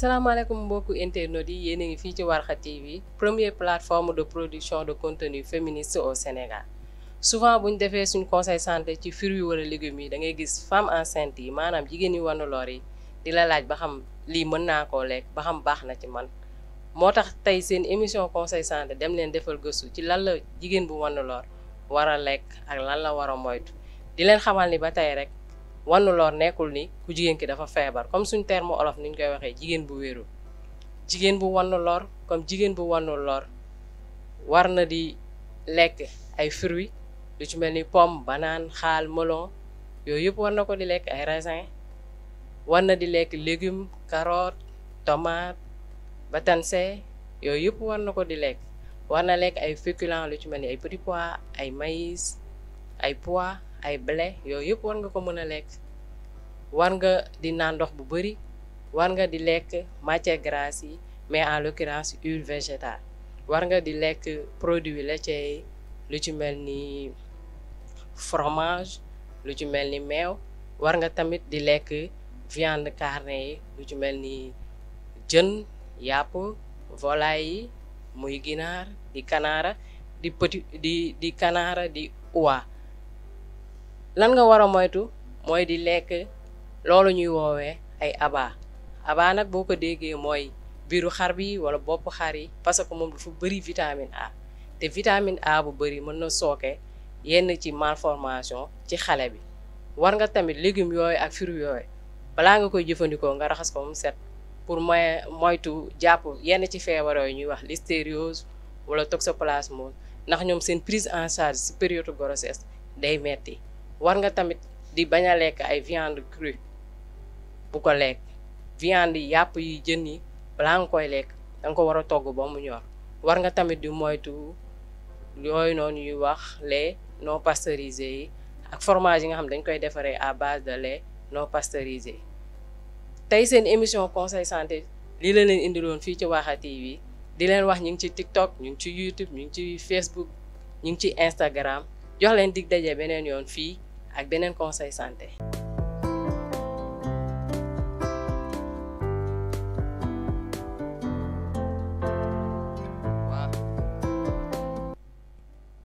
salaamaaleykum mbokku internautes yi yéen a ngi fii ci Warkha bi premier plateforme de production de contenu féministe au Sénégal souvent bu ñu defee suñ conseil santé ci fruits yi wala légumes yi da ngay gis femmes enceintes yi maanaam jigéen yi wanu lor yi di la laaj ba xam lii mën naa koo lekk ba xam baax na ci man moo tax tey seen émission conseil santé dem leen defal gëstu ci lan la jigéen bu wanu lor war a lekk ak lan la war a moytu di leen xamal ni ba tey rek. wannu lor nekkul ni ku jigéen ki dafa feebar comme suñ terme olof ni koy waxee jigéen bu wéerul jigéen bu wannu lor comme jigéen bu wannu lor war na di lekk ay fruits lu ci mel ni pomme banaan xaal melon yooyu yëpp war na ko di lekk ay raisin war na di lekk légumes carottes tomates batanse yooyu yëpp war na ko di lekk war na lekk ay féculents lu ci mel ni ay petits pois ay maïs ay pois ay blé yooyu yëpp war nga ko mën a lekk war nga di naan ndox bu bëri war nga di lekk matière grasse yi mais en l'occurrence huile végétal war nga di lekk produits laitiers yi lu ci mel ni fromage lu ci mel ni meew war nga tamit di lekk viande carne yi lu ci mel ni jën yàpp volaille yi muy ginaar di kanaara di petit di di kanaara di oie lan nga war a moytu mooy di lekk loolu ñuy woowee ay aba aba nag boo ko déggee mooy biiru xar bi wala bopp xar yi parce que moom dafa bëri vitamine A te vitamine A bu bëri mën na sooke yenn ci malformation ci xale bi war nga tamit légumes yooyu ak fruits yooyu balaa nga koy jëfandikoo nga raxas ko mu set pour moy moytu jàpp yenn ci feebar yooyu ñuy wax listériose wala toxoplasmose ndax ñoom seen prise en charge si période grossesse day metti war nga tamit di bañ a lekk ay viande crue bu ko lekk viande yi yàpp yi jën yi balaa nga koy lekk danga ko war a togg ba mu ñor war nga tamit di moytu yooyu noonu ñuy wax lait non pasteurisé yi ak fromage yi nga xam dañ koy defaree à base de lait non pasteurisé yi tey seen émission conseil santé lii la leen indiloon fii ci Warkha TV di leen wax ñu ngi ci TikTok ñu ngi ci YouTube ñu ngi ci Facebook ñu ngi ci Instagram jox leen dig daje beneen yoon fii ak beneen conseil santé